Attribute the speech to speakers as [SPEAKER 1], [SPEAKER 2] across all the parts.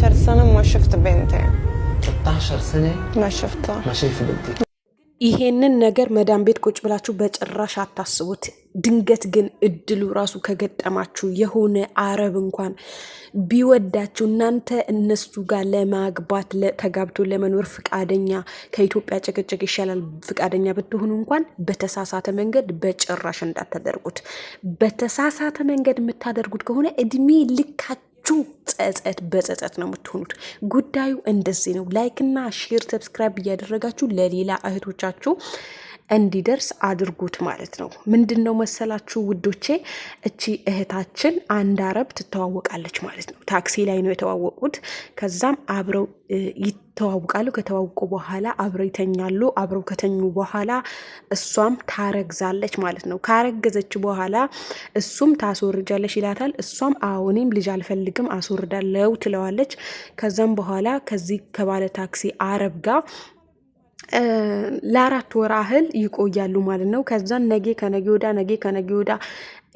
[SPEAKER 1] 16 سنة ما شفت بنتي
[SPEAKER 2] 16 سنة
[SPEAKER 1] ما شفتها
[SPEAKER 2] ما شايف بنتي
[SPEAKER 1] ይሄንን ነገር መዳን ቤት ቁጭ ብላችሁ በጭራሽ አታስቡት። ድንገት ግን እድሉ ራሱ ከገጠማችሁ የሆነ አረብ እንኳን ቢወዳችሁ እናንተ እነሱ ጋር ለማግባት ተጋብቶ ለመኖር ፍቃደኛ ከኢትዮጵያ ጭቅጭቅ ይሻላል ፍቃደኛ ብትሆኑ እንኳን በተሳሳተ መንገድ በጭራሽ እንዳታደርጉት። በተሳሳተ መንገድ የምታደርጉት ከሆነ እድሜ ልካችሁ ሁላችሁ ጸጸት በጸጸት ነው የምትሆኑት። ጉዳዩ እንደዚህ ነው። ላይክና ሼር ሰብስክራይብ እያደረጋችሁ ለሌላ እህቶቻችሁ እንዲደርስ አድርጉት ማለት ነው። ምንድን ነው መሰላችሁ ውዶቼ፣ እቺ እህታችን አንድ አረብ ትተዋወቃለች ማለት ነው። ታክሲ ላይ ነው የተዋወቁት። ከዛም አብረው ይተዋወቃሉ። ከተዋወቁ በኋላ አብረው ይተኛሉ። አብረው ከተኙ በኋላ እሷም ታረግዛለች ማለት ነው። ካረገዘች በኋላ እሱም ታስወርጃለች ይላታል። እሷም አዎ እኔም ልጅ አልፈልግም አስወርዳለው ትለዋለች። ከዛም በኋላ ከዚህ ከባለ ታክሲ አረብ ጋር ለአራት ወር ያህል ይቆያሉ ማለት ነው። ከዛን ነጌ ከነጌ ወዳ ነጌ ከነጌ ወዳ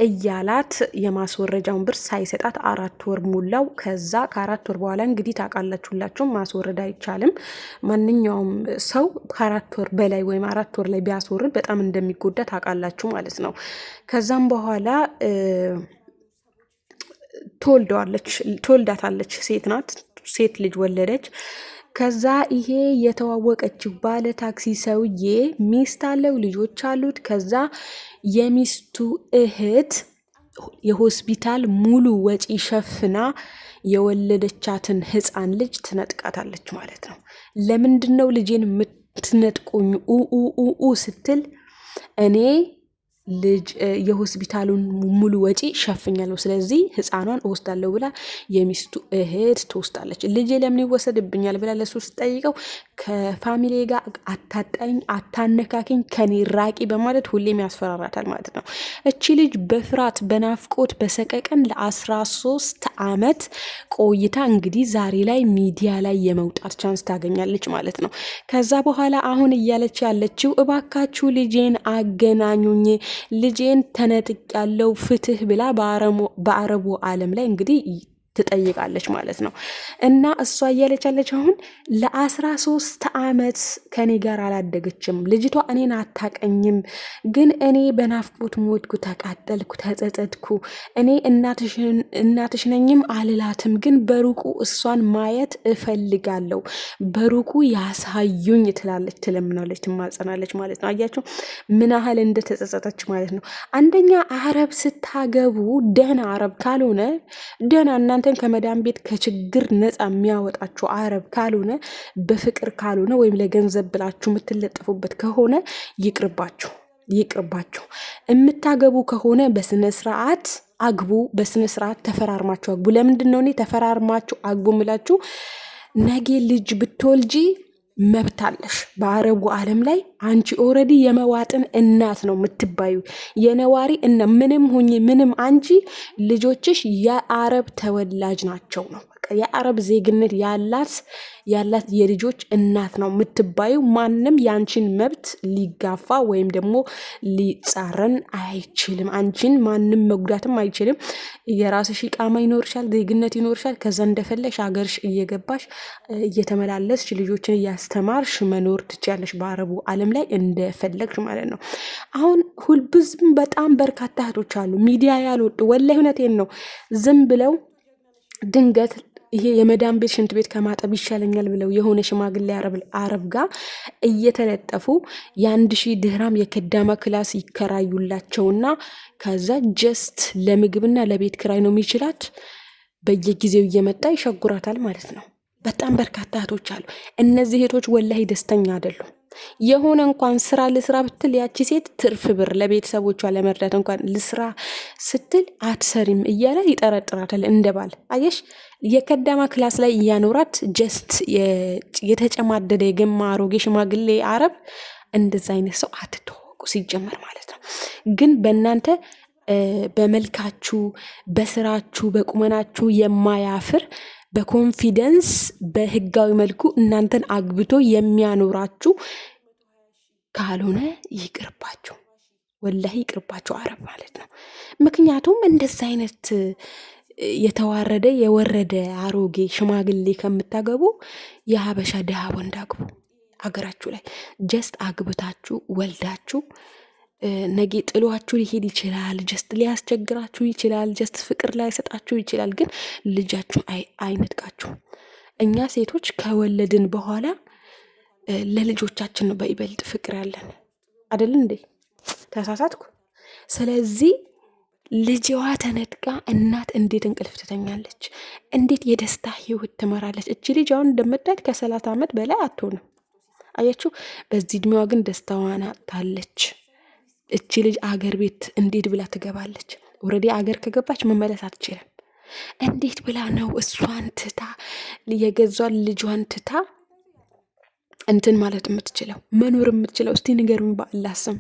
[SPEAKER 1] እያላት የማስወረጃውን ብር ሳይሰጣት አራት ወር ሞላው። ከዛ ከአራት ወር በኋላ እንግዲህ ታውቃላችሁ ማስወረድ አይቻልም። ማንኛውም ሰው ከአራት ወር በላይ ወይም አራት ወር ላይ ቢያስወርድ በጣም እንደሚጎዳ ታውቃላችሁ ማለት ነው። ከዛም በኋላ ትወልደዋለች፣ ትወልዳታለች። ሴት ናት፣ ሴት ልጅ ወለደች። ከዛ ይሄ የተዋወቀችው ባለ ታክሲ ሰውዬ ሚስት አለው፣ ልጆች አሉት። ከዛ የሚስቱ እህት የሆስፒታል ሙሉ ወጪ ሸፍና የወለደቻትን ህፃን ልጅ ትነጥቃታለች ማለት ነው። ለምንድን ነው ልጄን የምትነጥቁኝ? ኡኡኡኡ ስትል እኔ ልጅ የሆስፒታሉን ሙሉ ወጪ ሸፍኛለሁ፣ ስለዚህ ህፃኗን እወስዳለሁ ብላ የሚስቱ እህት ትወስዳለች። ልጄ ለምን ይወሰድብኛል ብላ ለሱ ስጠይቀው ከፋሚሊ ጋር አታጣኝ፣ አታነካኪኝ፣ ከኔ ራቂ በማለት ሁሌም ያስፈራራታል ማለት ነው። እቺ ልጅ በፍርሃት በናፍቆት በሰቀቀን ለአስራ ሶስት አመት ቆይታ እንግዲህ ዛሬ ላይ ሚዲያ ላይ የመውጣት ቻንስ ታገኛለች ማለት ነው። ከዛ በኋላ አሁን እያለች ያለችው እባካችሁ ልጄን አገናኙኝ ልጄን ተነጥቅ ያለው ፍትህ ብላ በአረቡ ዓለም ላይ እንግዲህ ትጠይቃለች ማለት ነው። እና እሷ እያለቻለች አሁን ለአስራ ሶስት አመት ከኔ ጋር አላደገችም ልጅቷ እኔን አታቀኝም፣ ግን እኔ በናፍቆት ሞትኩ፣ ተቃጠልኩ፣ ተጸጸትኩ። እኔ እናትሽ ነኝም አልላትም፣ ግን በሩቁ እሷን ማየት እፈልጋለሁ፣ በሩቁ ያሳዩኝ ትላለች፣ ትለምናለች፣ ትማጸናለች ማለት ነው። አያቸው ምን ያህል እንደተጸጸተች ማለት ነው። አንደኛ አረብ ስታገቡ ደህና አረብ ካልሆነ ደህና እናንተ እናንተን ከመዳን ቤት ከችግር ነፃ የሚያወጣችሁ አረብ ካልሆነ በፍቅር ካልሆነ ወይም ለገንዘብ ብላችሁ የምትለጠፉበት ከሆነ ይቅርባችሁ፣ ይቅርባችሁ። የምታገቡ ከሆነ በስነ ስርዓት አግቡ፣ በስነ ስርዓት ተፈራርማችሁ አግቡ። ለምንድን ነው እኔ ተፈራርማችሁ አግቡ ምላችሁ? ነጌ ልጅ ብትወልጂ መብት አለሽ። በአረቡ ዓለም ላይ አንቺ ኦልሬዲ የመዋጥን እናት ነው የምትባዩ፣ የነዋሪ እና ምንም ሁኚ ምንም አንቺ ልጆችሽ የአረብ ተወላጅ ናቸው ነው የአረብ ዜግነት ያላት ያላት የልጆች እናት ነው የምትባዩ። ማንም ያንቺን መብት ሊጋፋ ወይም ደግሞ ሊጻረን አይችልም። አንቺን ማንም መጉዳትም አይችልም። የራስሽ ቃማ ይኖርሻል፣ ዜግነት ይኖርሻል። ከዛ እንደፈለሽ ሀገርሽ እየገባሽ እየተመላለስሽ ልጆችን እያስተማርሽ መኖር ትችያለሽ፣ በአረቡ ዓለም ላይ እንደፈለግሽ ማለት ነው። አሁን ሁልብዝም በጣም በርካታ እህቶች አሉ ሚዲያ ያልወጡ ወላሂ እውነቴን ነው ዝም ብለው ድንገት ይሄ የመዳን ቤት ሽንት ቤት ከማጠብ ይሻለኛል ብለው የሆነ ሽማግሌ አረብ ጋር እየተለጠፉ የአንድ ሺህ ድህራም የከዳማ ክላስ ይከራዩላቸውና ከዛ ጀስት ለምግብና ለቤት ክራይ ነው የሚችላት። በየጊዜው እየመጣ ይሸጉራታል ማለት ነው። በጣም በርካታ እህቶች አሉ። እነዚህ እህቶች ወላሂ ደስተኛ አይደሉም። የሆነ እንኳን ስራ ልስራ ብትል ያቺ ሴት ትርፍ ብር ለቤተሰቦቿ ለመርዳት እንኳን ልስራ ስትል አትሰሪም እያለ ይጠረጥራታል እንደባል አየሽ የከዳማ ክላስ ላይ እያኖራት ጀስት የተጨማደደ የገማ አሮጌ ሽማግሌ አረብ እንደዛ አይነት ሰው አትተዋወቁ ሲጀመር ማለት ነው። ግን በእናንተ በመልካችሁ፣ በስራችሁ፣ በቁመናችሁ የማያፍር በኮንፊደንስ በህጋዊ መልኩ እናንተን አግብቶ የሚያኖራችሁ ካልሆነ ይቅርባችሁ። ወላሂ ይቅርባችሁ፣ አረብ ማለት ነው። ምክንያቱም እንደዚህ አይነት የተዋረደ የወረደ አሮጌ ሽማግሌ ከምታገቡ የሀበሻ ድሃ ወንድ አግቡ። አገራችሁ ላይ ጀስት አግብታችሁ ወልዳችሁ ነጌ ጥሏችሁ ሊሄድ ይችላል። ጀስት ሊያስቸግራችሁ ይችላል። ጀስት ፍቅር ላይሰጣችሁ ይችላል። ግን ልጃችሁ አይነጥቃችሁ። እኛ ሴቶች ከወለድን በኋላ ለልጆቻችን ነው በይበልጥ ፍቅር ያለን አደል እንዴ? ተሳሳትኩ። ስለዚህ ልጅዋ ተነጥቃ እናት እንዴት እንቅልፍ ትተኛለች? እንዴት የደስታ ህይወት ትመራለች? እቺ ልጅ አሁን እንደምታየት ከሰላሳ ዓመት በላይ አትሆንም። አያችሁ። በዚህ እድሜዋ ግን ደስታዋን አጥታለች። እቺ ልጅ አገር ቤት እንዴት ብላ ትገባለች? ወረዴ አገር ከገባች መመለስ አትችልም። እንዴት ብላ ነው እሷን ትታ የገዟን ልጇን ትታ እንትን ማለት የምትችለው መኖር የምትችለው? እስቲ ንገሩኝ ባላ ስም።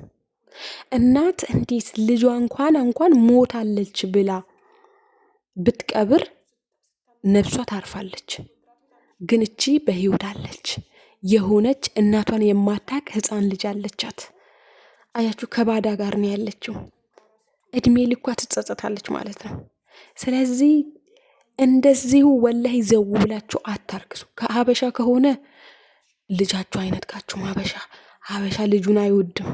[SPEAKER 1] እናት እንዴት ልጇ እንኳን እንኳን ሞታለች ብላ ብትቀብር ነብሷ ታርፋለች። ግን እቺ በህይወት አለች። የሆነች እናቷን የማታቅ ህፃን ልጅ አለቻት። አያችሁ፣ ከባዳ ጋር ነው ያለችው። እድሜ ልኳ ትጸጸታለች ማለት ነው። ስለዚህ እንደዚሁ ወላይ ዘው ብላችሁ አታርክሱ። ከሀበሻ ከሆነ ልጃችሁ አይነጥቃችሁም። ሀበሻ ሀበሻ ልጁን አይወድም፣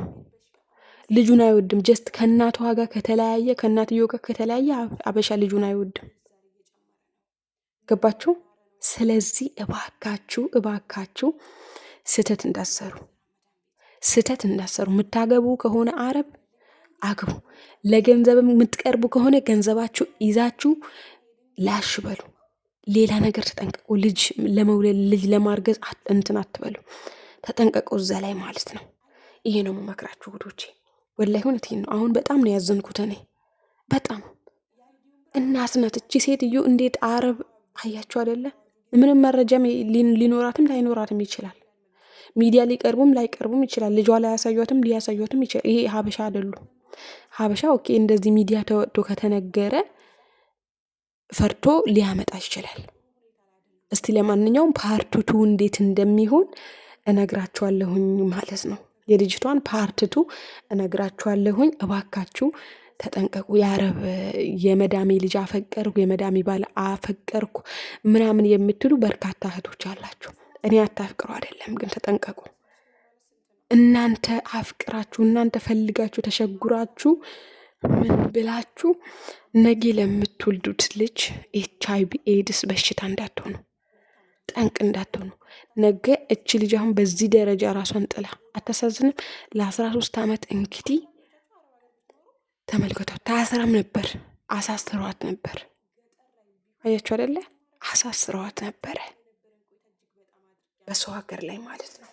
[SPEAKER 1] ልጁን አይወድም። ጀስት ከእናቷ ጋር ከተለያየ ከእናትዮ ጋር ከተለያየ ሀበሻ ልጁን አይወድም። ገባችሁ? ስለዚህ እባካችሁ እባካችሁ ስህተት እንዳሰሩ ስህተት እንዳሰሩ። የምታገቡ ከሆነ አረብ አግቡ። ለገንዘብ የምትቀርቡ ከሆነ ገንዘባችሁ ይዛችሁ ላሽ በሉ። ሌላ ነገር ተጠንቀቁ። ልጅ ለመውለድ ልጅ ለማርገዝ እንትን አትበሉ፣ ተጠንቀቁ እዛ ላይ ማለት ነው። ይሄ ነው መክራችሁ ውዶቼ። ወላሂ እውነት ነው። አሁን በጣም ነው ያዘንኩት እኔ በጣም እናስነት እቺ ሴትዮ እንዴት አረብ አያችሁ አይደለ? ምንም መረጃም ሊኖራትም ላይኖራትም ይችላል። ሚዲያ ሊቀርቡም ላይቀርቡም ይችላል። ልጇ ላያሳዩትም ሊያሳዩትም ይችላል። ይሄ ሀበሻ አይደሉም። ሀበሻ ኦኬ፣ እንደዚህ ሚዲያ ተወዶ ከተነገረ ፈርቶ ሊያመጣ ይችላል። እስቲ ለማንኛውም ፓርትቱ እንዴት እንደሚሆን እነግራችኋለሁኝ ማለት ነው። የልጅቷን ፓርትቱ እነግራችኋለሁኝ። እባካችሁ ተጠንቀቁ። የአረብ የመዳሜ ልጅ አፈቀርኩ፣ የመዳሜ ባል አፈቀርኩ ምናምን የምትሉ በርካታ እህቶች አላችሁ። እኔ አታፍቅሩ አይደለም ግን ተጠንቀቁ። እናንተ አፍቅራችሁ እናንተ ፈልጋችሁ ተሸጉራችሁ ምን ብላችሁ ነጌ ለምትወልዱት ልጅ ኤች አይ ቪ ኤድስ በሽታ እንዳትሆኑ ጠንቅ እንዳትሆኑ። ነገ እች ልጅ አሁን በዚህ ደረጃ ራሷን ጥላ አታሳዝንም? ለአስራ ሶስት ዓመት እንግዲህ ተመልከቷት። ታስራም ነበር አሳስረዋት ነበር። አያችሁ አደለ? አሳስረዋት ነበረ። በሰው ሀገር ላይ ማለት ነው።